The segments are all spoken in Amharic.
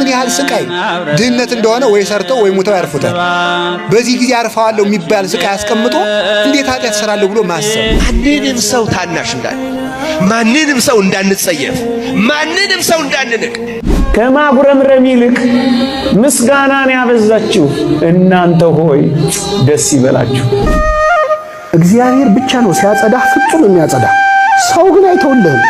ምን ያህል ስቃይ ድህነት እንደሆነ ወይ ሰርተው ወይ ሙተው ያርፉታል። በዚህ ጊዜ አርፈዋለሁ የሚባል ስቃይ አስቀምጦ እንዴት ኃጢአት እሰራለሁ ብሎ ማሰብ ማንንም ሰው ታናሽ እንዳል ማንንም ሰው እንዳንጸየፍ ማንንም ሰው እንዳንንቅ ከማጉረምረም ይልቅ ምስጋናን ያበዛችሁ እናንተ ሆይ ደስ ይበላችሁ። እግዚአብሔር ብቻ ነው ሲያጸዳህ ፍጹም የሚያጸዳ ሰው ግን አይተውልህም።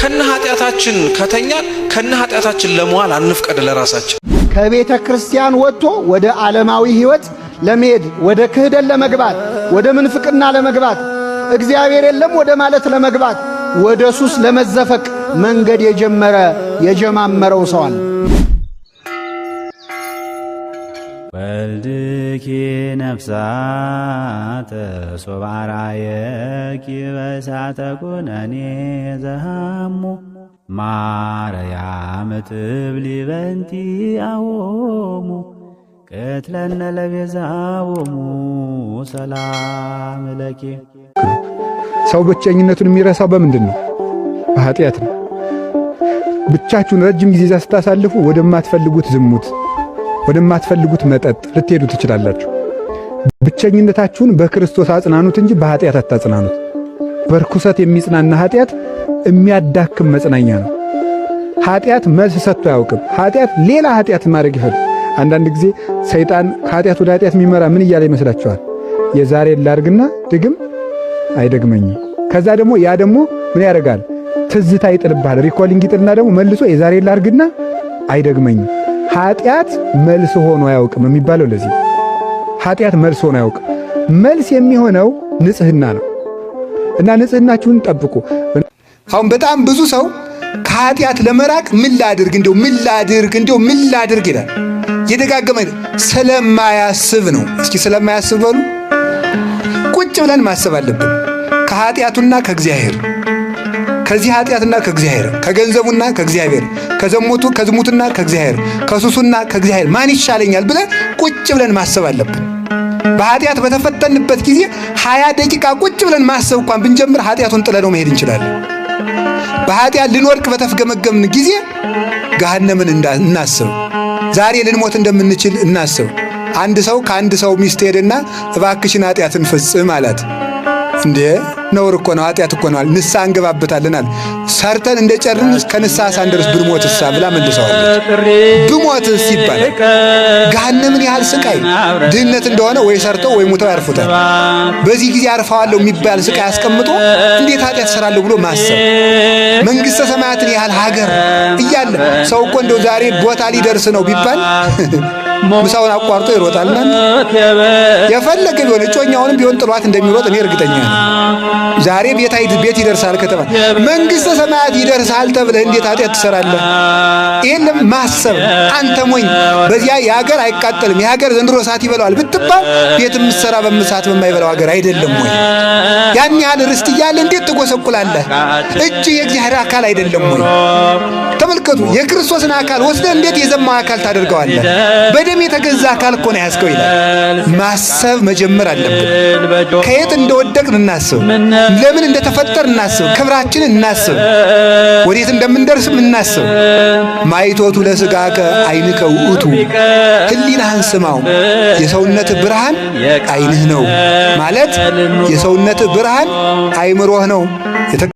ከነ ኃጢአታችን ከተኛን ከነ ኃጢአታችን ለመዋል አንፍቀድ። ለራሳችን ከቤተ ክርስቲያን ወጥቶ ወደ ዓለማዊ ሕይወት ለመሄድ ወደ ክህደት ለመግባት ወደ ምንፍቅና ለመግባት እግዚአብሔር የለም ወደ ማለት ለመግባት ወደ ሱስ ለመዘፈቅ መንገድ የጀመረ የጀማመረው ሰው አለ። ወልድኪ ነፍሳተ ሶባራየ ኪበሳተ ኩነኔ ዘሃሙ ማርያም ትብሊበንቲ አዎሙ ቅትለነ ለቤዛዎሙ ሰላም ለኪ። ሰው ብቸኝነቱን የሚረሳው በምንድን ነው? በኃጢአት ነው። ብቻችሁን ረጅም ጊዜ እዛ ስታሳልፉ ወደማትፈልጉት ዝሙት፣ ወደማትፈልጉት መጠጥ ልትሄዱ ትችላላችሁ። ብቸኝነታችሁን በክርስቶስ አጽናኑት እንጂ በኃጢአት አታጽናኑት። በርኩሰት የሚጽናና ኃጢአት የሚያዳክም መጽናኛ ነው። ኃጢአት መልስ ሰጥቶ አያውቅም። ኃጢአት ሌላ ኃጢአት ማድረግ ይፈል አንዳንድ ጊዜ ሰይጣን ከኃጢአት ወደ ኃጢአት የሚመራ ምን እያለ ይመስላችኋል? የዛሬ ላርግና ድግም አይደግመኝም። ከዛ ደግሞ ያ ደግሞ ምን ያደርጋል? ትዝታ ይጥልብሃል። ሪኮሊንግ ይጥልና ደግሞ መልሶ የዛሬ ላርግና አይደግመኝም። ኃጢአት መልስ ሆኖ አያውቅም የሚባለው ለዚህ ኃጢአት መልስ ሆኖ አያውቅ። መልስ የሚሆነው ንጽህና ነው እና ንጽህናችሁን ጠብቁ። አሁን በጣም ብዙ ሰው ከኃጢአት ለመራቅ ምን ላድርግ እንዲው ምን ላድርግ እንዲው ምን ላድርግ ይላል። የደጋገመ ስለማያስብ ነው። እስኪ ስለማያስብ በሉ ቁጭ ብለን ማሰብ አለብን ከኃጢአቱና ከእግዚአብሔር ከዚህ ኃጢአትና ከእግዚአብሔር ከገንዘቡና ከእግዚአብሔር ከዘሞቱ ከዝሙትና ከእግዚአብሔር ከሱሱና ከእግዚአብሔር ማን ይሻለኛል ብለን ቁጭ ብለን ማሰብ አለብን። በኃጢአት በተፈተንበት ጊዜ ሀያ ደቂቃ ቁጭ ብለን ማሰብ እንኳን ብንጀምር ኃጢአቱን ጥለነው መሄድ እንችላለን። በኃጢአት ልንወድቅ በተፍገመገምን ጊዜ ገሃነምን እናስብ። ዛሬ ልንሞት እንደምንችል እናስብ። አንድ ሰው ከአንድ ሰው ሚስት ሄደና እባክሽን ኃጢአትን ፍጽም አላት። እንዴ ነውር እኮ ነው፣ ኃጢአት እኮ ነው። ንስሐ እንገባበታለናል። ሰርተን እንደ ጨርን ከንስሐ ሳንደርስ ብንሞትሳ ብላ መልሰዋለች። ብሞትስ ይባላል። ገሃነምን ያህል ስቃይ ድህነት እንደሆነ ወይ ሰርተው ወይ ሙተው ያርፉታል። በዚህ ጊዜ አርፈዋለሁ የሚባል ስቃይ አስቀምጦ እንዴት ኃጢአት ሰራለሁ ብሎ ማሰብ መንግሥተ ሰማያትን ያህል ሀገር እያለ ሰው እኮ እንደው ዛሬ ቦታ ሊደርስ ነው ቢባል ምሳውን አቋርጦ ይሮጣል። የፈለገ ቢሆን እጮኛውንም ቢሆን ጥሏት እንደሚሮጥ እኔ እርግጠኛ ነኝ። ዛሬ ቤት ይደርሳል ከተባለ መንግስተ ሰማያት ይደርሳል ተብለህ እንዴት ኃጢአት ትሰራለህ? ይህንም ማሰብ አንተ ሞኝ። በዚያ የሀገር አይቃጠልም የሀገር ዘንድሮ እሳት ይበላዋል ብትባል ቤት የምትሰራ በምሳት በማይበላው ሀገር አይደለም ወይ? ያን ያህል ርስት እያለ እንዴት ትጎሰቁላለህ? እጅ የእግዚአብሔር አካል አይደለም ወይ? ተመልከቱ፣ የክርስቶስን አካል ወስደህ እንዴት የዘማ አካል ታደርገዋለህ? በደም የተገዛ አካል እኮ ነው ያዝከው ይላል። ማሰብ መጀመር አለብን። ከየት እንደወደቅን እናስብ፣ ለምን እንደተፈጠር እናስብ፣ ክብራችን እናስብ፣ ወዴት እንደምንደርስም እናስብ። ማይቶቱ ለስጋከ አይንከ ውእቱ ሕሊናህን ስማው የሰውነት ብርሃን አይንህ ነው ማለት የሰውነት ብርሃን አይምሮህ ነው።